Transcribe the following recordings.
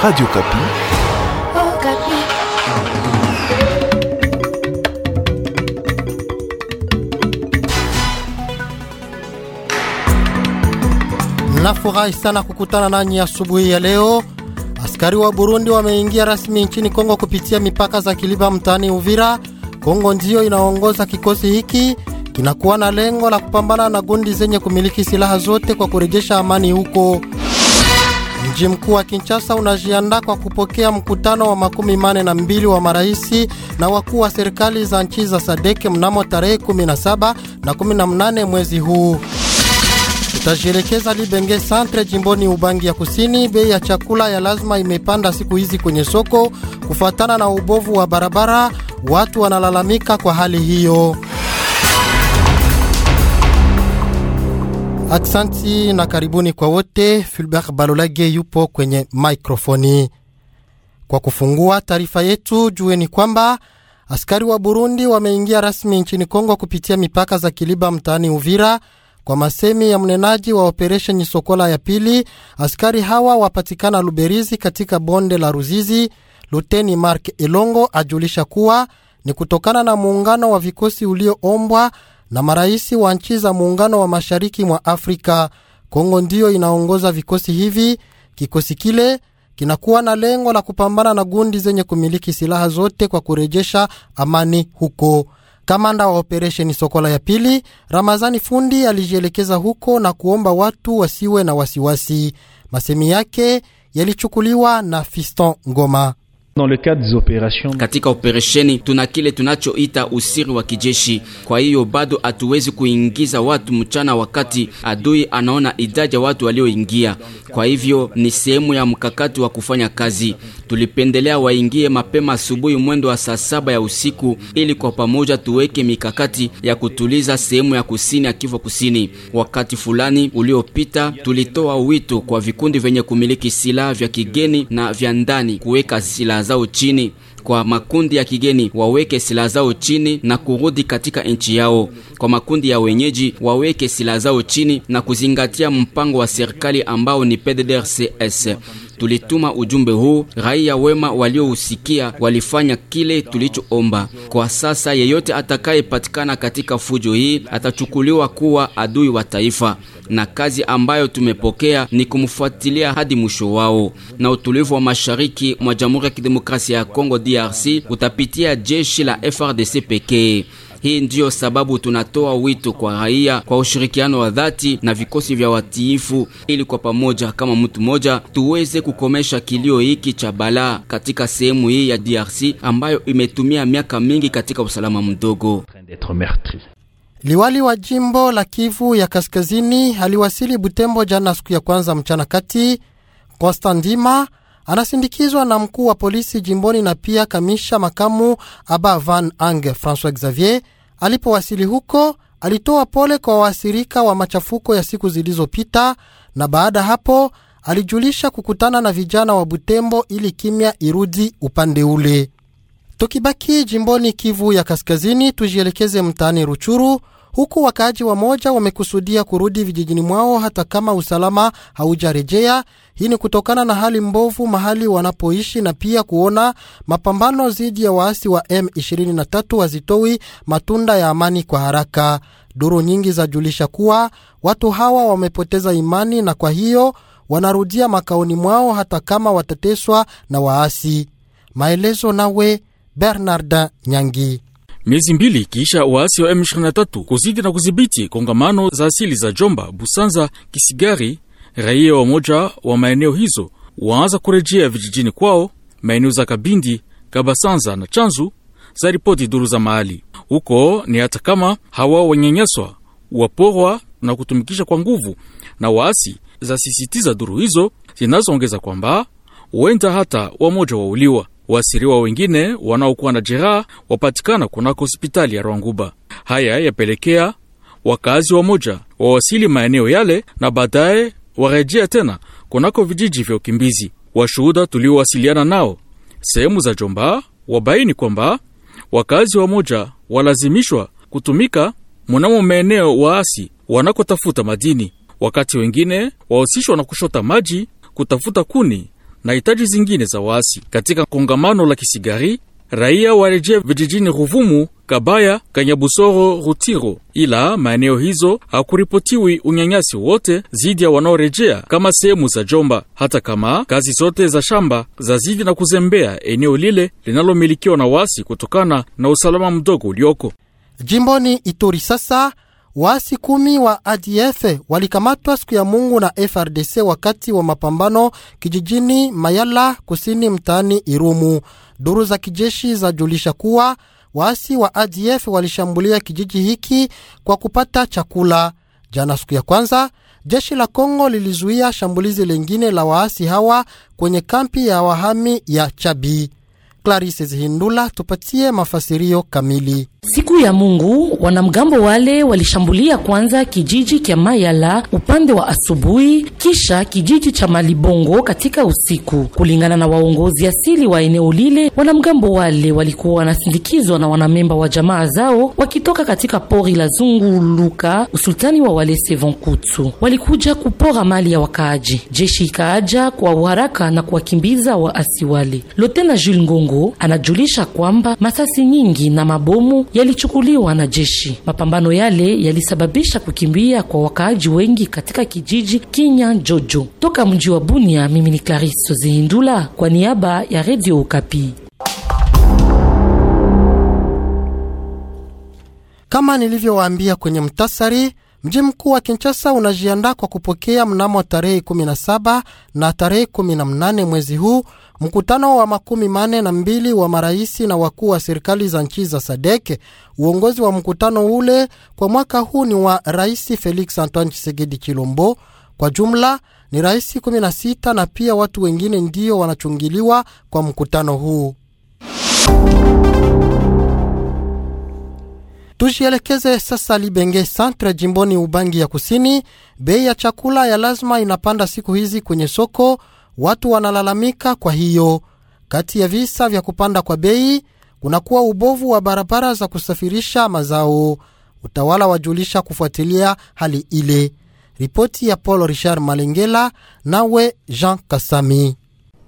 Radio Kapi. Oh, Kapi. Nafurahi sana kukutana nanyi asubuhi ya, ya leo. Askari wa Burundi wameingia rasmi nchini Kongo kupitia mipaka za Kiliba mtaani Uvira. Kongo ndiyo inaongoza kikosi hiki kinakuwa na lengo la kupambana na gundi zenye kumiliki silaha zote kwa kurejesha amani huko Mji mkuu wa Kinshasa unajiandaa kwa kupokea mkutano wa makumi mane na mbili wa maraisi na wakuu wa serikali za nchi za Sadeke mnamo tarehe 17 na 18 mwezi huu. Tutajielekeza Libenge Centre jimboni Ubangi ya Kusini. Bei ya chakula ya lazima imepanda siku hizi kwenye soko kufuatana na ubovu wa barabara. Watu wanalalamika kwa hali hiyo. Aksanti na karibuni kwa wote. Fulbert Balolage yupo kwenye mikrofoni Kwa kufungua taarifa yetu, jueni kwamba askari wa Burundi wameingia rasmi nchini Kongo kupitia mipaka za Kiliba mtaani Uvira. Kwa masemi ya mnenaji wa operesheni Sokola ya pili, askari hawa wapatikana Luberizi katika bonde la Ruzizi. Luteni Mark Elongo ajulisha kuwa ni kutokana na muungano wa vikosi ulioombwa na marais wa nchi za muungano wa mashariki mwa Afrika. Kongo ndiyo inaongoza vikosi hivi. Kikosi kile kinakuwa na lengo la kupambana na gundi zenye kumiliki silaha zote kwa kurejesha amani huko. Kamanda wa operesheni Sokola ya pili Ramazani Fundi alijielekeza huko na kuomba watu wasiwe na wasiwasi. Masemi yake yalichukuliwa na Fiston Ngoma. Katika operesheni tuna kile tunachoita usiri wa kijeshi. Kwa hiyo bado hatuwezi kuingiza watu mchana, wakati adui anaona idadi ya watu walioingia. Kwa hivyo ni sehemu ya mkakati wa kufanya kazi tulipendelea waingie mapema asubuhi mwendo wa saa saba ya usiku, ili kwa pamoja tuweke mikakati ya kutuliza sehemu ya kusini ya Kivu Kusini. Wakati fulani uliopita, tulitoa wito kwa vikundi vyenye kumiliki silaha vya kigeni na vya ndani kuweka silaha zao chini kwa makundi ya kigeni waweke silaha zao chini na kurudi katika nchi yao. Kwa makundi ya wenyeji waweke silaha zao chini na kuzingatia mpango wa serikali ambao ni PDDRCS tulituma ujumbe huu. Raia wema waliousikia walifanya kile tulichoomba. Kwa sasa, yeyote atakayepatikana katika fujo hii atachukuliwa kuwa adui wa taifa, na kazi ambayo tumepokea ni kumfuatilia hadi mwisho wao. Na utulivu wa mashariki mwa Jamhuri ya Kidemokrasia ya Kongo DRC utapitia jeshi la FRDC pekee. Hii ndiyo sababu tunatoa wito kwa raia kwa ushirikiano wa dhati na vikosi vya watiifu, ili kwa pamoja kama mtu mmoja tuweze kukomesha kilio hiki cha balaa katika sehemu hii ya DRC ambayo imetumia miaka mingi katika usalama mdogo. Liwali wa jimbo la Kivu ya Kaskazini aliwasili Butembo jana siku ya kwanza mchana kati. Kosta Ndima anasindikizwa na mkuu wa polisi jimboni na pia kamisha makamu Aba Van Ang Francois Xavier. Alipowasili huko, alitoa pole kwa waathirika wa machafuko ya siku zilizopita, na baada hapo alijulisha kukutana na vijana wa Butembo ili kimya irudi upande ule. Tukibaki jimboni Kivu ya Kaskazini, tujielekeze mtaani Ruchuru huku wakaaji wamoja wamekusudia kurudi vijijini mwao hata kama usalama haujarejea. Hii ni kutokana na hali mbovu mahali wanapoishi na pia kuona mapambano dhidi ya waasi wa M23 hazitoi matunda ya amani kwa haraka. Duru nyingi zajulisha kuwa watu hawa wamepoteza imani na kwa hiyo wanarudia makaoni mwao hata kama watateswa na waasi. Maelezo nawe Bernard Nyangi. Miezi mbili kisha waasi wa M23 kuzidi na kudhibiti kongamano za asili za Jomba, Busanza, Kisigari, raia wa moja wa maeneo hizo waanza kurejea vijijini kwao maeneo za Kabindi, Kabasanza na Chanzu, za ripoti duru za mahali huko. Ni hata kama hawa wanyanyaswa, waporwa na kutumikisha kwa nguvu na waasi, zasisitiza duru hizo zinazoongeza kwamba huenda hata wamoja wauliwa. Waasiriwa wengine wanaokuwa na jeraha wapatikana kunako hospitali ya Rwanguba. Haya yapelekea wakazi wamoja wawasili maeneo yale na baadaye warejea tena kunako vijiji vya ukimbizi. Washuhuda tuliowasiliana nao sehemu za Jomba wabaini kwamba wakazi wamoja walazimishwa kutumika mnamo maeneo waasi wanakotafuta madini, wakati wengine wahusishwa na kushota maji, kutafuta kuni na hitaji zingine za waasi. Katika kongamano la Kisigari, raia warejea vijijini Ruvumu, Kabaya, Kanyabusoro, Rutiro, ila maeneo hizo hakuripotiwi unyanyasi wote zidi ya wanaorejea kama sehemu za Jomba, hata kama kazi zote za shamba za zidi na kuzembea eneo lile linalomilikiwa na wasi kutokana na usalama mdogo ulioko jimboni Ituri sasa Waasi kumi wa ADF walikamatwa siku ya Mungu na FRDC wakati wa mapambano kijijini Mayala kusini mtaani Irumu. Duru za kijeshi zajulisha kuwa waasi wa ADF walishambulia kijiji hiki kwa kupata chakula. Jana siku ya kwanza, jeshi la Kongo lilizuia shambulizi lingine la waasi hawa kwenye kampi ya wahami ya Chabi. Clarisse Zihindula tupatie mafasirio kamili. Siku ya Mungu wanamgambo wale walishambulia kwanza kijiji kya Mayala upande wa asubuhi, kisha kijiji cha Malibongo katika usiku. Kulingana na waongozi asili wa eneo lile, wanamgambo wale walikuwa wanasindikizwa na wanamemba wa jamaa zao wakitoka katika pori la Zunguluka, usultani wa Walese Vonkutu. Walikuja kupora mali ya wakaaji. Jeshi ikaaja kwa uharaka na kuwakimbiza waasi wale. Lotena Jules Ngongo anajulisha kwamba masasi nyingi na mabomu yalichukuliwa na jeshi. Mapambano yale yalisababisha kukimbia kwa wakaaji wengi katika kijiji kinya jojo Toka mji wa Bunia, mimi ni Clarisse Sozihindula kwa niaba ya Radio Okapi. Kama nilivyowaambia kwenye mtasari Mji mkuu wa Kinshasa unajiandaa kwa kupokea mnamo tarehe 17 na tarehe 18 mwezi huu mkutano wa makumi mane na mbili wa maraisi na wakuu wa serikali za nchi za sadek Uongozi wa mkutano ule kwa mwaka huu ni wa Rais Felix Antoine chisekedi Chilombo. Kwa jumla ni rais 16 na pia watu wengine ndio wanachungiliwa kwa mkutano huu. Tujielekeze sasa Libenge Centre, jimboni Ubangi ya Kusini. Bei ya chakula ya lazima inapanda siku hizi kwenye soko, watu wanalalamika. Kwa hiyo kati ya visa vya kupanda kwa bei kunakuwa ubovu wa barabara za kusafirisha mazao. Utawala wajulisha kufuatilia hali ile. Ripoti ya Paul Richard Malengela nawe Jean Kasami.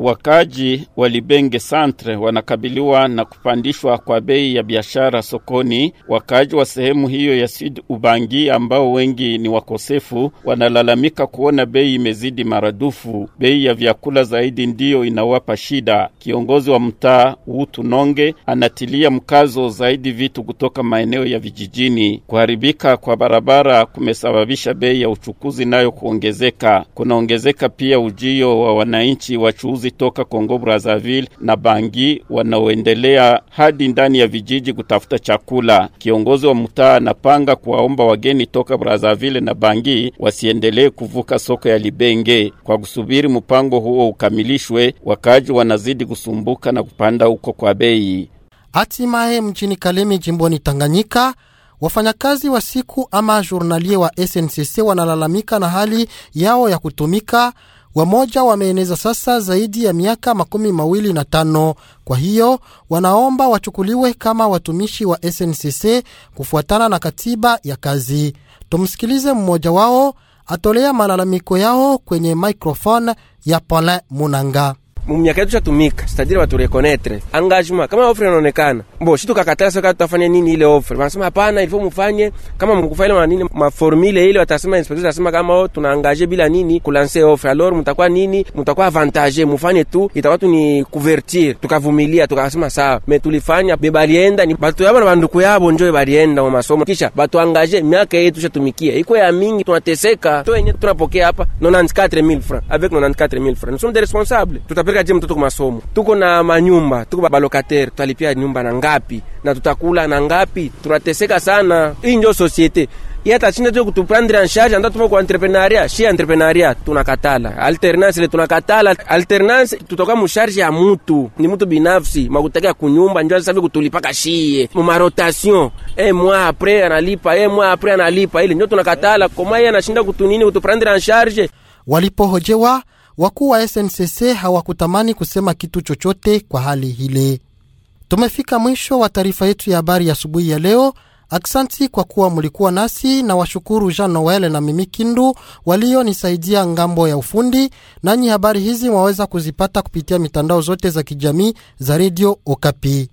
Wakaji wa Libenge Centre wanakabiliwa na kupandishwa kwa bei ya biashara sokoni. Wakaji wa sehemu hiyo ya Sud Ubangi ambao wengi ni wakosefu wanalalamika kuona bei imezidi maradufu. Bei ya vyakula zaidi ndiyo inawapa shida. Kiongozi wa mtaa wutu Nonge anatilia mkazo zaidi vitu kutoka maeneo ya vijijini. Kuharibika kwa barabara kumesababisha bei ya uchukuzi nayo kuongezeka. Kunaongezeka pia ujio wa wananchi wachuuzi toka Kongo Brazzaville na Bangi wanaoendelea hadi ndani ya vijiji kutafuta chakula. Kiongozi wa mtaa anapanga kuwaomba wageni toka Brazzaville na Bangi wasiendelee kuvuka soko ya Libenge. Kwa kusubiri mpango huo ukamilishwe, wakaji wanazidi kusumbuka na kupanda huko kwa bei. Hatimaye mjini Kalemi jimboni Tanganyika, wafanyakazi wa siku ama journalie wa SNCC wanalalamika na hali yao ya kutumika wamoja wameeneza sasa zaidi ya miaka makumi mawili na tano. Kwa hiyo wanaomba wachukuliwe kama watumishi wa SNCC kufuatana na katiba ya kazi. Tumsikilize mmoja wao atolea malalamiko yao kwenye microphone ya Paulin Munanga mu miaka yetu chatumika sitadiri watu rekonetre kama ofre inaonekana mbo shi tukakatala soka tutafanya nini ile ofre wanasema hapana ilifo mufanye kama mkufa ile nini maformule ile watasema inspecteur atasema kama o oh, tuna bila nini kulanse ofre alors mutakuwa nini mutakuwa avantage mufanye tu itakuwa tu ni kuvertir tukavumilia tukasema sawa me tulifanya be balienda ni batu yabo na banduku yabo njo balienda mu masomo kisha batu miaka yetu chatumikia iko ya mingi tunateseka to yenye tunapokea hapa 94000 francs avec 94000 francs nous sommes des responsables tutapea tutapeleka je mtoto kwa masomo? Tuko na manyumba, tuko balokateri, tutalipia nyumba na ngapi na tutakula na ngapi? Tunateseka sana. Hii ndio societe yatachinda tu kutupandira en charge anda tumo kwa entrepreneuria shia entrepreneuria tunakatala alternance ile tunakatala alternance tutoka mu ya mtu, ni mtu binafsi makutaka kunyumba ndio sasa kutulipaka kashie. mu rotation, eh mwa après analipa eh mwa après analipa ile ndio tunakatala koma yeye anashinda kutunini kutupandira en charge walipohojewa wakuu wa SNCC hawakutamani kusema kitu chochote kwa hali hile. Tumefika mwisho wa taarifa yetu ya habari ya asubuhi ya leo. Aksanti kwa kuwa mulikuwa nasi na washukuru Jean Noel na Mimi Kindu walionisaidia ngambo ya ufundi. Nanyi habari hizi mwaweza kuzipata kupitia mitandao zote za kijamii za redio Okapi.